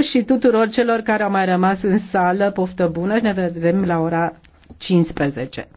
și tuturor celor care au mai rămas în sală. Poftă bună și ne vedem la ora 15.